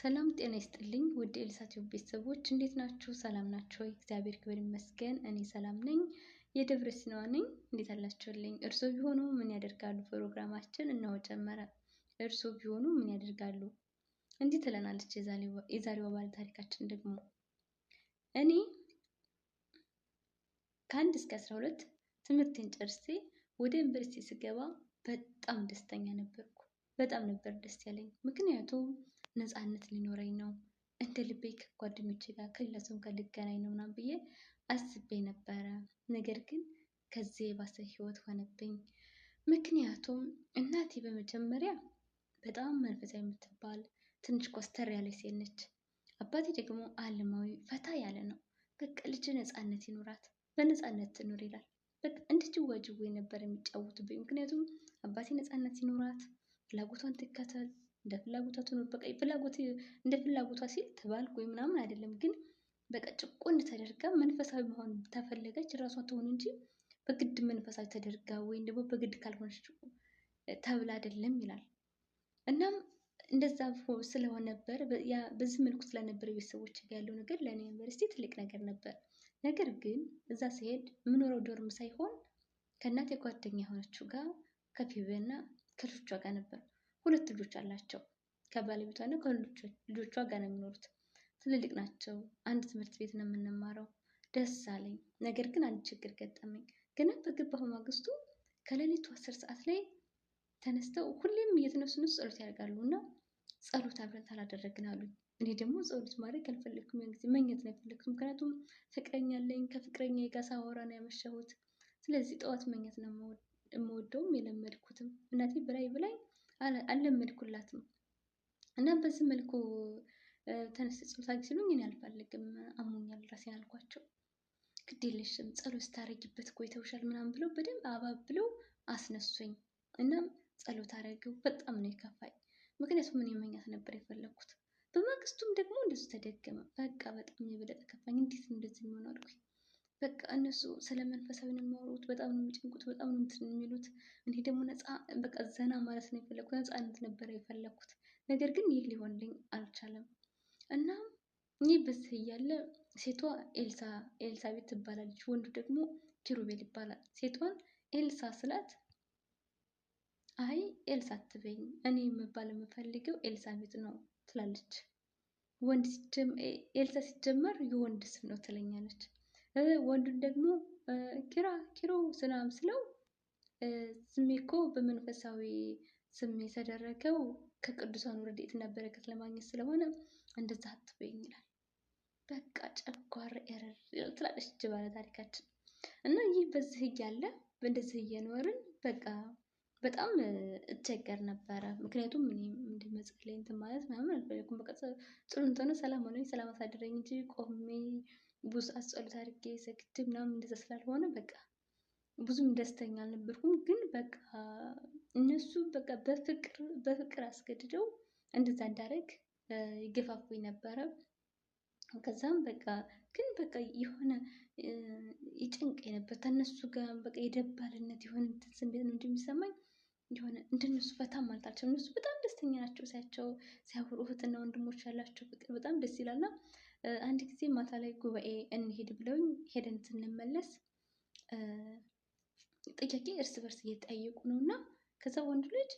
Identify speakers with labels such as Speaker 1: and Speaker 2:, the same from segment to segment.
Speaker 1: ሰላም ጤና ይስጥልኝ ውድ ኤልሳ ቤተሰቦች እንዴት ናችሁ? ሰላም ናቸው? እግዚአብሔር ክብር ይመስገን፣ እኔ ሰላም ነኝ። የደብረ ሲናዋ ነኝ። እንዴት አላችሁልኝ? እርሶ ቢሆኑ ምን ያደርጋሉ? ፕሮግራማችን እነሆ ጀመረ። እርስዎ ቢሆኑ ምን ያደርጋሉ? እንዲህ ትለናለች የዛሬዋ ባለ ታሪካችን ደግሞ እኔ ከአንድ እስከ አስራ ሁለት ትምህርቴን ጨርሴ ወደ ዩኒቨርሲቲ ስገባ በጣም ደስተኛ ነበርኩ። በጣም ነበር ደስ ያለኝ ምክንያቱም ነፃነት ሊኖረኝ ነው፣ እንደ ልቤ ከጓደኞቼ ጋር ከሌላ ሰው ጋር ልገናኝ ነው ምናምን ብዬ አስቤ ነበረ። ነገር ግን ከዚህ የባሰ ህይወት ሆነብኝ። ምክንያቱም እናቴ በመጀመሪያ በጣም መንፈሳዊ የምትባል ትንሽ ኮስተር ያለች ሴት ነች። አባቴ ደግሞ አለማዊ ፈታ ያለ ነው። በቃ ልጅ ነፃነት ይኖራት በነፃነት ትኖር ይላል። በቃ እንድትዋጅቦ ነበር የሚጫወቱብኝ። ምክንያቱም አባቴ ነፃነት ይኖራት ፍላጎቷን ትከተል እንደ ፍላጎቷ ትኖር። በቃ ፍላጎት እንደ ፍላጎቷ ሲል ተባልኩ ወይ ምናምን አይደለም፣ ግን በቃ ጭቆን ተደርጋ መንፈሳዊ መሆን ተፈለገች ራሷ ትሆን እንጂ በግድ መንፈሳዊ ተደርጋ ወይም ደግሞ በግድ ካልሆነች ተብላ አይደለም ይላል። እናም እንደዛ ስለሆነ ነበር። በዚህ መልኩ ስለነበር ቤተሰቦች ጋር ያለው ነገር ለእኔ ዩኒቨርሲቲ ትልቅ ነገር ነበር። ነገር ግን እዛ ስሄድ የምኖረው ዶርም ሳይሆን ከእናቴ ጓደኛ የሆነችው ጋር ከፊቤና ከልጆቿ ጋር ነበር። ሁለት ልጆች አላቸው። ከባለቤቷ እና ከልጆቿ ጋር ነው የሚኖሩት። ትልልቅ ናቸው። አንድ ትምህርት ቤት ነው የምንማረው። ደስ አለኝ። ነገር ግን አንድ ችግር ገጠመኝ። ገና በገባሁ ማግስቱ ከሌሊቱ አስር ሰዓት ላይ ተነስተው ሁሌም ነው ጸሎት ያደርጋሉ እና ጸሎት አብረን አላደረግን አሉኝ። እኔ ደግሞ ጸሎት ማድረግ አልፈለግኩም። ያን ጊዜ መኘት ነው የፈለግኩት። ምክንያቱም ፍቅረኛ አለኝ። ከፍቅረኛ ጋር ሳወራ ነው ያመሸሁት። ስለዚህ ጠዋት መኘት ነው የምወደውም የለመድኩትም። እናቴ ብላይ ብላይ አለመድኩላትም እና በዚህ መልኩ ተነስ ጾም ሲሉኝ እኔ አልፈልግም አሞኛል ራሴን አልኳቸው። ግድ የለሽም ጸሎት ስታረጊበት እኮ ይተውሻል ምናምን ብለው በደንብ አባብለው አስነሱኝ። እናም ጸሎት አረገው በጣም ነው የከፋኝ። ምክንያቱም እኔ መኛት ነበር የፈለግኩት። በማግስቱም ደግሞ እንደሱ ተደገመ። በቃ በጣም የበለጠ ከፋኝ። እንዴት እንደዚህ የሚሆን አልኩኝ። በቃ እነሱ ስለ መንፈሳዊ ነው የሚያወሩ በጣም ነው የሚጨንቁት፣ በጣም ነው እንትን የሚሉት። እኔ ደግሞ ነፃ በቃ ዘና ማለት ነው የፈለግኩት፣ ነፃነት ነበረ የፈለግኩት። ነገር ግን ይህ ሊሆንልኝ አልቻለም እና ይህ በዚህ እያለ ሴቷ ኤልሳ ኤልሳቤት ትባላለች፣ ወንዱ ደግሞ ኪሩቤል ይባላል። ሴቷን ኤልሳ ስላት አይ ኤልሳ አትበኝ፣ እኔ የምባል የምፈልገው ኤልሳቤት ነው ትላለች። ወንድ ኤልሳ ሲጀመር የወንድ ስም ነው ትለኛለች። ወንዱን ደግሞ ኪራ ኪሮ ስናም ስለው ስሜ እኮ በመንፈሳዊ ስም የተደረገው ከቅዱሳን ረድኤት እና በረከት ለማግኘት ስለሆነ እንደዛ አትበይኝ ይላል። በቃ ጨጓር ኤረር ትላለች እጅ ባለ ታሪካችን እና ይህ በዚህ እያለ እንደዚህ እየኖርን በቃ በጣም እቸገር ነበረ። ምክንያቱም እኔ እንድመጸለይ እንትን ማለት ምናምን አልፈለኩም። በቃ ጥሩ እንትኑ ሰላም ሆነ ሰላም አሳድረኝ እንጂ ቆሜ ብዙ ሰዓት ጸሎት አድርጌ ሰግጄ ምናምን እንደዛ ስላልሆነ በቃ ብዙም ደስተኛ አልነበርኩም። ግን በቃ እነሱ በቃ በፍቅር በፍቅር አስገድደው እንደዛ እንዳደረግ ይገፋፉኝ ነበረ። ከዛም በቃ ግን በቃ የሆነ ይጨንቅ ነበር ከእነሱ ጋር በቃ የደባልነት የሆነ ስሜት ነው እንደሚሰማኝ የሆነ እንደነሱ ፈታ ማለት አልችልም። እነሱ በጣም ደስተኛ ናቸው ሳያቸው ሲያወሩ እህትና ወንድሞች ያላቸው ፍቅር በጣም ደስ ይላልና አንድ ጊዜ ማታ ላይ ጉባኤ እንሄድ ብለውኝ ሄደን ስንመለስ ጥያቄ እርስ በርስ እየጠየቁ ነው እና ከዛ ወንድ ልጅ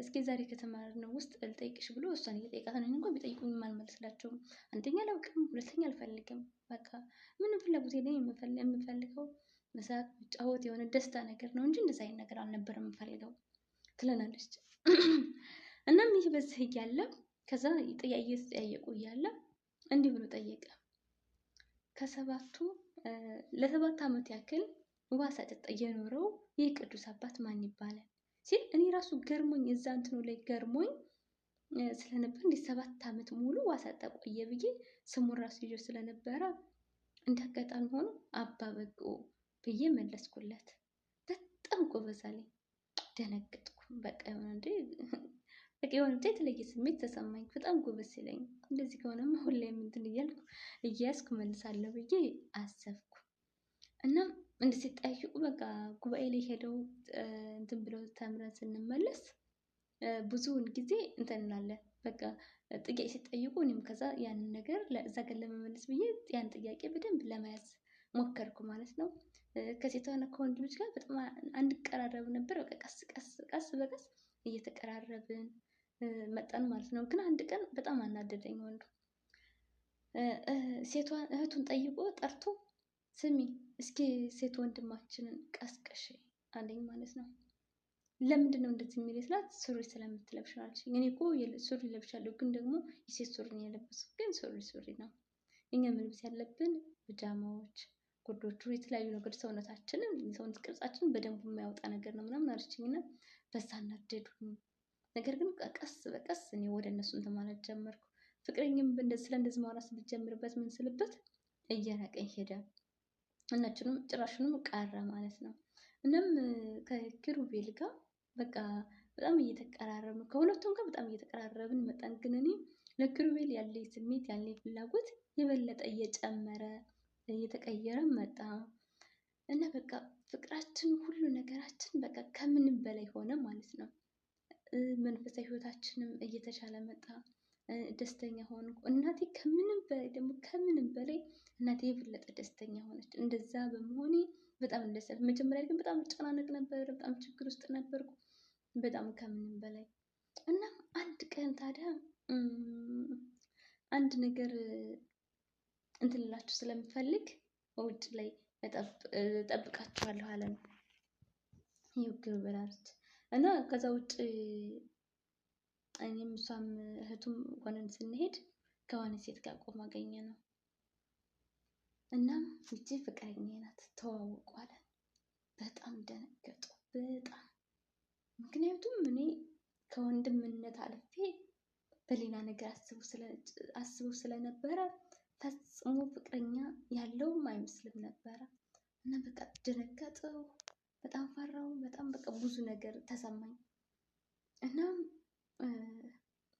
Speaker 1: እስኪ ዛሬ ከተማርነው ውስጥ ልጠይቅሽ ብሎ እሷን እየጠየቃት ነው። እንኳን ቢጠይቁኝ አልመልስላቸውም። አንደኛ አላውቅም፣ ሁለተኛ አልፈልግም። በቃ ምንም ፍላጎት የለኝ። የምፈልገው መሳቅ፣ መጫወት፣ የሆነ ደስታ ነገር ነው እንጂ እንደዛ አይነት ነገር አልነበረም የምፈልገው ትለናለች። እናም ይህ በዚህ እያለ ከዛ ጥያቄ እየተጠያየቁ እያለ እንዲህ ብሎ ጠየቀ። ከሰባቱ ለሰባት ዓመት ያክል ውሃ ሳጠጣ የኖረው ይህ ቅዱስ አባት ማን ይባላል? ሲል እኔ ራሱ ገርሞኝ እዛ እንትኑ ላይ ገርሞኝ ስለነበር እንዲህ ሰባት ዓመት ሙሉ ውሃ ሳጠጣ ቆየ ብዬ ስሙን ራሱ ይዞ ስለነበረ አጋጣሚ ሆኖ አባ በግዑ ብዬ መለስኩለት። በጣም ጎበዝ አለኝ። ደነገጥኩ። በቃ እንዴ በቃ የሆነ የተለየ ስሜት ተሰማኝ። በጣም ጎበዝ ሲለኝ እንደዚህ ከሆነም ሁሌም እንትን እያልኩ እያያዝኩ መልሳለሁ ብዬ አሰብኩ። እናም እንደ ሲጠያየቁ በቃ ጉባኤ ላይ ሄደው እንትን ብለው ተምረን ስንመለስ ብዙውን ጊዜ እንትን እንላለን። በቃ ጥያቄ ሲጠይቁ እኔም ከዛ ያንን ነገር እዛ ጋር ለመመለስ ብዬ ያን ጥያቄ በደንብ ለመያዝ ሞከርኩ ማለት ነው። ከሴቷና ከወንዶች ጋር በጣም አንቀራረብ ነበር። በቃ ቀስ ቀስ ቀስ በቀስ እየተቀራረብን መጣን ማለት ነው። ግን አንድ ቀን በጣም አናደደኝ ወንዱ። ሴቷን እህቱን ጠይቆ ጠርቶ ስሚ እስኪ ሴት ወንድማችንን ቀስቀሽ አለኝ ማለት ነው። ለምንድን ነው እንደዚህ የሚል ስላት ሱሪ ስለምትለብሽ አለችኝ። እኔ እኮ ሱሪ ለብሻለሁ፣ ግን ደግሞ የሴት ሱሪ ነው የለበሱ። ግን ሱሪ ሱሪ ነው። እኛ መልበስ ያለብን ብጃማዎች፣ ጉርዶቹ፣ የተለያዩ ነገር ሰውነታችንን፣ የሰውነት ቅርጻችን በደንቡ የሚያወጣ ነገር ነው ምናምን አለችኝና በዛ እናደዱኝ። ነገር ግን ቀስ በቀስ እኔ ወደ እነሱ እንትን ማለት ጀመርኩ። ፍቅረኝም ስለ እንደዚህ ማውራት ብጀምርበት ምን ስልበት እየራቀኝ ሄደ። እናችንም ጭራሽንም ቀረ ማለት ነው። እናም ከኪሩቤል ጋር በቃ በጣም እየተቀራረብን ከሁለቱም ጋር በጣም እየተቀራረብን መጣን። ግን እኔ ለኪሩቤል ያለኝ ስሜት ያለኝ ፍላጎት የበለጠ እየጨመረ እየተቀየረ መጣ እና በቃ ፍቅራችን ሁሉ ነገራችን በቃ ከምንም በላይ ሆነ ማለት ነው። መንፈሳዊ ህይወታችንም እየተሻለ መጣ። ደስተኛ ሆንኩ። እናቴ ከምንም በላይ ደግሞ ከምንም በላይ እናቴ የበለጠ ደስተኛ ሆነች። እንደዛ በመሆኔ በጣም ደስ መጀመሪያ ግን በጣም ጨናነቅ ነበር፣ በጣም ችግር ውስጥ ነበርኩ። በጣም ከምንም በላይ እና አንድ ቀን ታዲያ አንድ ነገር እንትንላችሁ ስለምፈልግ ውጭ ላይ ጠብቃችኋለሁ አለ ነው ይህ እና ከዛ ውጭ እኔም እሷም እህቱም ሆነን ስንሄድ ከሆነ ሴት ጋር ቆሞ አገኘ ነው። እናም ይቺ ፍቅረኛ ናት ተዋወቁ በጣም ደነገጡ። በጣም ምክንያቱም እኔ ከወንድምነት አልፌ በሌላ ነገር አስበው ስለነበረ ፈጽሞ ፍቅረኛ ያለውም አይመስልም ነበረ እና በቃ ደነገጠው። በጣም ፈራው። በጣም ብዙ ነገር ተሰማኝ። እናም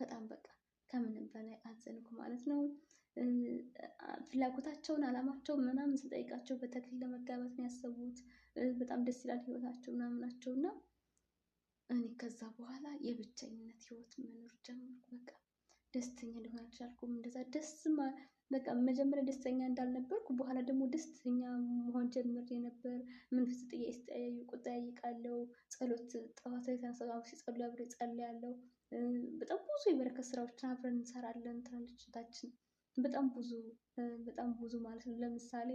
Speaker 1: በጣም በቃ ከምንም በላይ አዘንኩ ማለት ነው። ፍላጎታቸውን አላማቸውን ምናምን ስጠይቃቸው በተክል ለመጋባት ነው ያሰቡት። በጣም ደስ ይላል ህይወታቸው ምናምናቸው እና እኔ ከዛ በኋላ የብቸኝነት ህይወት መኖር ጀመርኩ። በቃ ደስተኛ ሊሆን አልቻልኩም። እንደዛ ደስ በቃ መጀመሪያ ደስተኛ እንዳልነበርኩ በኋላ ደግሞ ደስተኛ መሆን ጀምር የነበር መንፈስ ጥያቄ ስጠያይቁ ጠያይቃለው። ጸሎት ጠዋት የተነሳ ሲጸሉ አብሬ ያለው በጣም ብዙ የበረከት ስራዎችን አብረን እንሰራለን ትላለች በጣም ብዙ በጣም ብዙ ማለት ነው። ለምሳሌ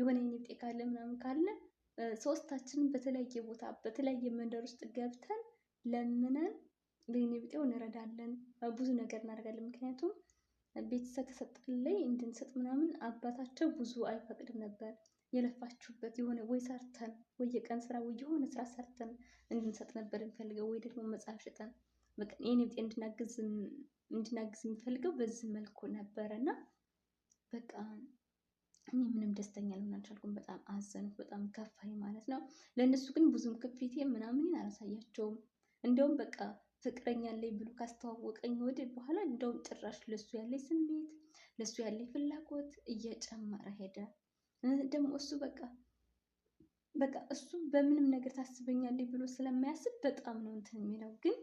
Speaker 1: የሆነ ኔጤ ካለ ምናምን ካለ ሶስታችን በተለያየ ቦታ በተለያየ መንደር ውስጥ ገብተን ለምነን ለኔ ብጤው እንረዳለን። ብዙ ነገር እናደርጋለን ምክንያቱም ቤተሰብ ተሰጠልኝ እንድንሰጥ ምናምን አባታቸው ብዙ አይፈቅድም ነበር። የለፋችሁበት የሆነ ወይ ሰርተን ወይ የቀን ስራ ወይ የሆነ ስራ ሰርተን እንድንሰጥ ነበር የሚፈልገው፣ ወይ ደግሞ መጽሐፍ ሽጠን በቃ ይህን ብጤ እንድናግዝ የሚፈልገው በዚህ መልኩ ነበረ እና በቃ እኔ ምንም ደስተኛ ልሆን አልቻልኩም። በጣም አዘንኩ፣ በጣም ከፋኝ ማለት ነው። ለእነሱ ግን ብዙም ክፊቴ ምናምን አላሳያቸውም። እንደውም በቃ ፍቅረኛ አለኝ ብሎ ካስተዋወቀኝ ወዲህ በኋላ እንደውም ጭራሽ ለሱ ያለኝ ስሜት ለሱ ያለኝ ፍላጎት እየጨመረ ሄደ። ደግሞ እሱ በቃ በቃ እሱ በምንም ነገር ታስበኛለኝ ብሎ ስለማያስብ በጣም ነው እንትን የሚለው ግን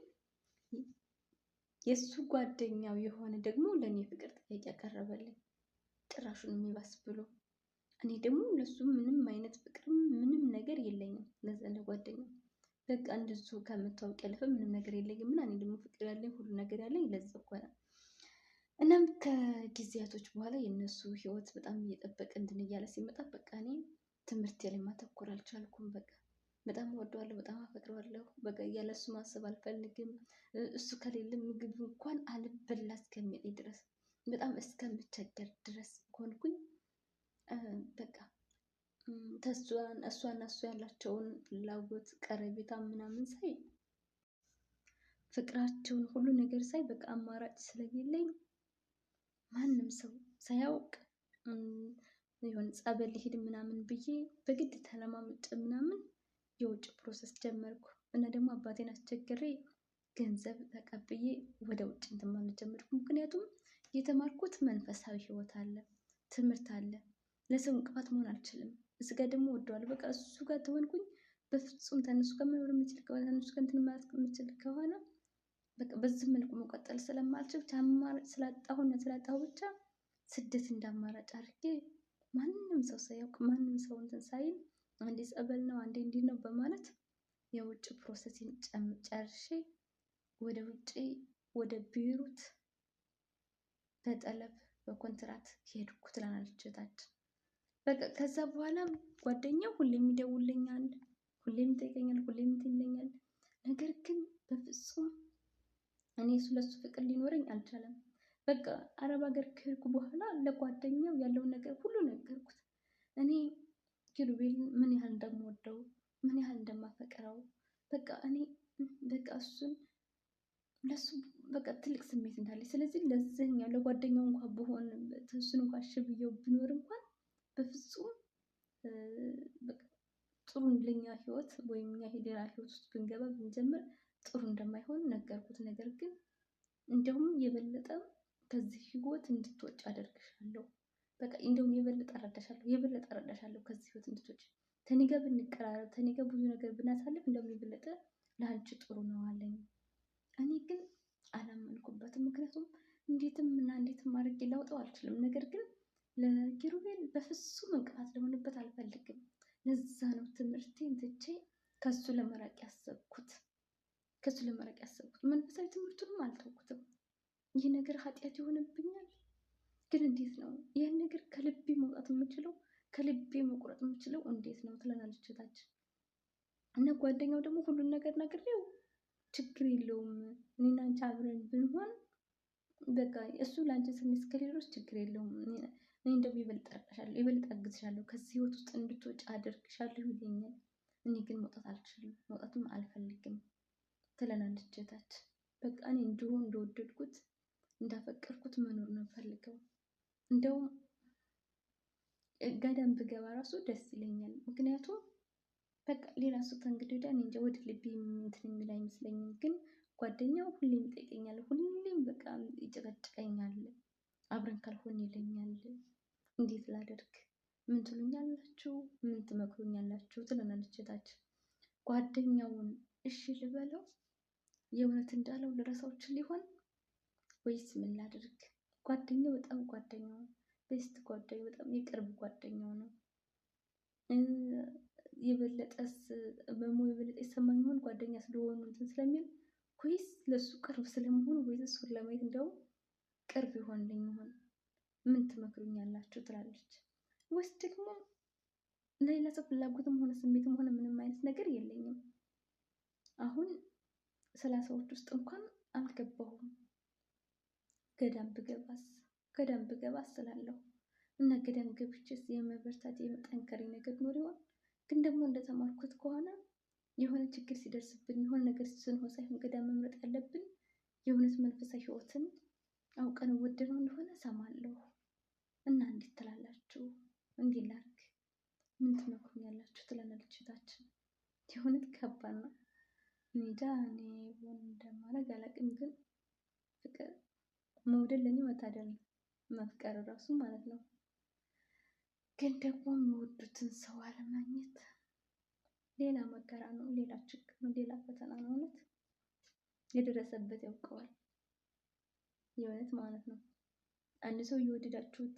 Speaker 1: የእሱ ጓደኛው የሆነ ደግሞ ለእኔ ፍቅር ጥያቄ ያቀረበልኝ ጭራሹን የሚባስ ብሎ እኔ ደግሞ ለሱ ምንም አይነት ፍቅር ምንም ነገር የለኝም ለዛ ለጓደኛው በቃ እንደሱ ከምታወቅ ያለፈ ምንም ነገር የለኝም እና እኔ ደግሞ ፍቅር ያለኝ ሁሉ ነገር ያለኝ ለዚህ እኮ ነው። እናም ከጊዜያቶች በኋላ የእነሱ ህይወት በጣም እየጠበቀ እንድን እያለ ሲመጣ በቃ እኔ ትምህርት ላይ ማተኮር አልቻልኩም። በቃ በጣም እወደዋለሁ፣ በጣም አፈቅረዋለሁ። በቃ እያለ እሱ ማሰብ አልፈልግም። እሱ ከሌለ ምግብ እንኳን አልበላ እስከሚለኝ ድረስ በጣም እስከምቸገር ድረስ ከሆንኩኝ በቃ እሷና እሱ ያላቸውን ፍላጎት ቀረቤታ ምናምን ሳይ ፍቅራቸውን ሁሉ ነገር ሳይ በቃ አማራጭ ስለሌለኝ ማንም ሰው ሳያውቅ የሆነ ጸበል ሄድ ምናምን ብዬ በግድ ተለማምጭ ምናምን የውጭ ፕሮሰስ ጀመርኩ እና ደግሞ አባቴን አስቸግሬ ገንዘብ ተቀብዬ ወደ ውጭ እንትን ማለት ጀመርኩ። ምክንያቱም የተማርኩት መንፈሳዊ ህይወት አለ፣ ትምህርት አለ። ለሰው እንቅፋት መሆን አልችልም። እዚህ ጋ ደግሞ ወደዋለሁ። በቃ እሱ ጋር ተሆንኩኝ በፍጹም ተነሱ መኖር የምችል ከሆነ ተነሱ ከእንትን ማለት የምችል ከሆነ በቃ በዚህ መልኩ መቀጠል ስለማልችል አማራጭ ስላጣሁና ስላጣሁ ብቻ ስደት እንዳማራጭ አድርጌ ማንም ሰው ሳያውቅ ማንም ሰው እንትን ሳይል አንዴ ጸበል ነው አንዴ እንዲህ ነው በማለት የውጭ ፕሮሰሲን ጨርሼ ወደ ውጭ ወደ ቢሩት በጠለብ በኮንትራት ሄድኩ ትላናለች እህታችን። በቃ ከዛ በኋላ ጓደኛው ሁሌም ይደውልኛል፣ ሁሌም ይጠይቀኛል፣ ሁሌም ይለኛል። ነገር ግን በፍጹም እኔ እሱ ለሱ ፍቅር ሊኖረኝ አልቻለም። በቃ አረብ ሀገር ከሄድኩ በኋላ ለጓደኛው ያለውን ነገር ሁሉ ነገርኩት። እኔ ኪሩቤል ምን ያህል እንደምወደው ምን ያህል እንደማፈቅረው በቃ እኔ በቃ እሱን ለሱ በቃ ትልቅ ስሜት እንዳለኝ ስለዚህ ለዚህኛው ለጓደኛው እንኳን ብሆን እሱን እንኳን ሽብየው ብኖር እንኳን በፍጹም ጥሩ ለኛ ህይወት ወይም እኛ ሄደና ህይወት ውስጥ ብንገባ ብንጀምር ጥሩ እንደማይሆን ነገርኩት። ነገር ግን እንደውም የበለጠ ከዚህ ህይወት እንድትወጭ አደርግሻለሁ። በቃ እንደውም የበለጠ አረዳሻለሁ፣ የበለጠ አረዳሻለሁ ከዚህ ህይወት እንድትወጭ ከኔ ጋር ብንቀራረብ ከኔ ጋር ብዙ ነገር ብናሳልፍ እንደውም የበለጠ ለአንቺ ጥሩ ነው አለኝ። እኔ ግን አላመንኩበትም። ምክንያቱም እንዴትም እና እንዴትም አድርጌ ላውጠው አልችልም። ነገር ግን ለኪሩቤል በፍጹም እንቅፋት ለሆንበት አልፈልግም። ለዛ ነው ትምህርቴን ትቼ ከሱ ለመራቅ ያሰብኩት ከሱ ለመራቅ ያሰብኩት። መንፈሳዊ ትምህርቱንም አልተውኩትም። ይህ ነገር ኃጢአት ይሆንብኛል፣ ግን እንዴት ነው ይህን ነገር ከልቤ መውጣት የምችለው ከልቤ መቁረጥ የምችለው እንዴት ነው ትለናለች እህታችን። እና ጓደኛው ደግሞ ሁሉን ነገር ነግሬው ችግር የለውም እኔና አንቺ አብረን ብንሆን በቃ እሱ ለአንቺ ስሜት እስከሌሎች ችግር የለውም እኔ እንደውም ይበልጥ አቅሻለሁ፣ ይበልጥ አግዝሻለሁ፣ ከዚህ ህይወት ውስጥ እንድትወጪ አደርግሻለሁ ይለኛል። እኔ ግን መውጣት አልችልም፣ መውጣትም አልፈልግም ትለናለች እህታችን። በቃ እኔ እንዲሁ እንደወደድኩት እንዳፈቀርኩት መኖር ነው ፈልገው እንደውም ገዳም ብገባ ራሱ ደስ ይለኛል። ምክንያቱም በቃ ሌላ ሰው ከእንግዲህ ወዲያ እኔ እንጃ ወደ ልቤ እንትን የሚል አይመስለኝም። ግን ጓደኛው ሁሌም ይጠይቀኛል፣ ሁሌም በቃ ይጨቀጭቀኛል። አብረን ካልሆን ይለኛል። እንዴት ላደርግ? ምን ትሉኛላችሁ? ምን ትመክሩኛላችሁ? ትለናለች እህታችን። ጓደኛውን እሺ ልበለው? የእውነት እንዳለው ልረሳው ሊሆን ወይስ ምን ላደርግ? ጓደኛው በጣም ጓደኛው ቤስት ጓደኛው በጣም የቅርብ ጓደኛው ነው። የበለጠስ መሞ የበለጠ የሰማኝ ሆን ጓደኛ ስለሆኑ እንትን ስለሚል ወይስ ለሱ ቅርብ ስለመሆኑ ወይስ እሱን ለማየት እንደውም ቅርብ ይሆንልኝ ይሆን? ምን ትመክሩኛላችሁ? ትላለች ወይስ ደግሞ ለሌላ ሰው ፍላጎትም ሆነ ስሜትም ሆነ ምንም አይነት ነገር የለኝም። አሁን ሰላሳዎች ውስጥ እንኳን አልገባሁም። ገዳም ብገባስ ገዳም ብገባስ ስላለሁ እና ገዳም ገብቼስ የመበርታት የመጠንከሪ ነገር ኖር ይሆን? ግን ደግሞ እንደተማርኩት ከሆነ የሆነ ችግር ሲደርስብን የሆነ ነገር ስንሆን ሳይሆን ገዳም መምረጥ ያለብን የእውነት መንፈሳዊ ህይወትን አውቀን ውድ ነው እንደሆነ እሰማለሁ እና እንዴት ትላላችሁ? እንዲህ ላድርግ ምን ትመክሩኛላችሁ? ትለናለች እህታችን። የእውነት ከባድ ነው። እንጃ እኔ ምን እንደማደርግ ግን ፍቅር መውደድ ለእኔ መታደል ነው፣ መፍቀር እራሱ ማለት ነው። ግን ደግሞ የሚወዱትን ሰው አለማግኘት ሌላ መከራ ነው፣ ሌላ ችግር ነው፣ ሌላ ፈተና ነው። እውነት የደረሰበት ያውቀዋል። የእውነት ማለት ነው። አንድ ሰው እየወደዳችሁት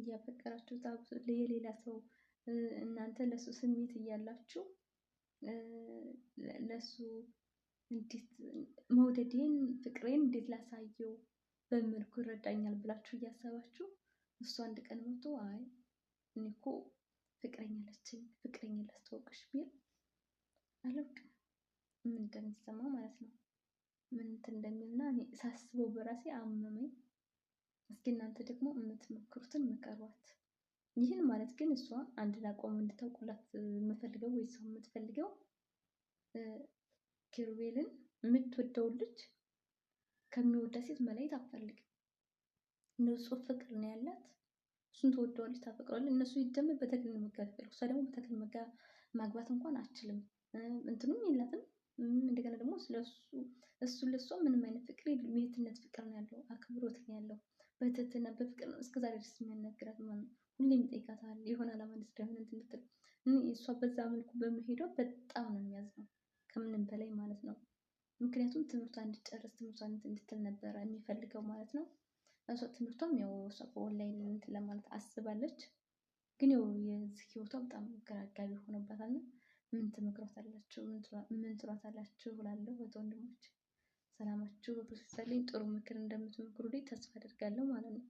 Speaker 1: እያፈቀራችሁት የሌላ ሰው እናንተ ለሱ ስሜት እያላችሁ ለሱ እንዴት መውደዴን ፍቅሬን እንዴት ላሳየው በመልኩ ይረዳኛል ብላችሁ እያሰባችሁ እሱ አንድ ቀን መቶ አይ እኔ እኮ ፍቅረኛ ለችኝ ፍቅረኛ ላስተዋውቅሽ ቢል አለቅ ምን እንደሚሰማ ማለት ነው። ምንት እንደሚልና ሳስበው በራሴ አመመኝ። እስኪ እናንተ ደግሞ የምትሞክሩትን ምከሯት። ይህን ማለት ግን እሷ አንድን አቋም እንድታውቁላት የምፈልገው ወይ ሰው የምትፈልገው ኪሩቤልን የምትወደው ልጅ ከሚወዳ ሴት መለየት አትፈልግም። ንጹህ ፍቅር ነው ያላት። እሱን ትወደዋለች፣ ታፈቅረዋለች። እነሱ ይደመር በተክሊል መጋባት ይፈልጉ። እሷ ደግሞ በተክሊል መጋባት ማግባት እንኳን አችልም እንትኑም የላትም እንደገና ደግሞ ስለሱ እሱ ለሷ ምንም አይነት ፍቅር የለም። የእህትነት ፍቅር ነው ያለው፣ አክብሮት ነው ያለው። በትህትና በፍቅር ነው እስከዛሬ ድረስ የሚያናግራት ማለት ነው። ሁሌም ይጠይቃታል የሆነ ዓላማ እንድትደሆነ እንድትል እሷ በዛ መልኩ በመሄዷ በጣም ነው የሚያዝነው ከምንም በላይ ማለት ነው። ምክንያቱም ትምህርቷ እንድትጨርስ ትምህርቷን እንድትል ነበረ የሚፈልገው ማለት ነው። እሷ ትምህርቷም ያው እሷ በኦንላይን እንትን ለማለት አስባለች፣ ግን ያው የዚህ ህይወቷ በጣም ግራ አጋቢ ሆኖባታል ነው ምን ትመክሯታላችሁ? ምን ትሏታላችሁ? ብላለሁ እህት ወንድሞች፣ ሰላማችሁ በክርስቶስ ጥሩ ምክር እንደምትመክሩልኝ ተስፋ አደርጋለሁ ማለት ነው።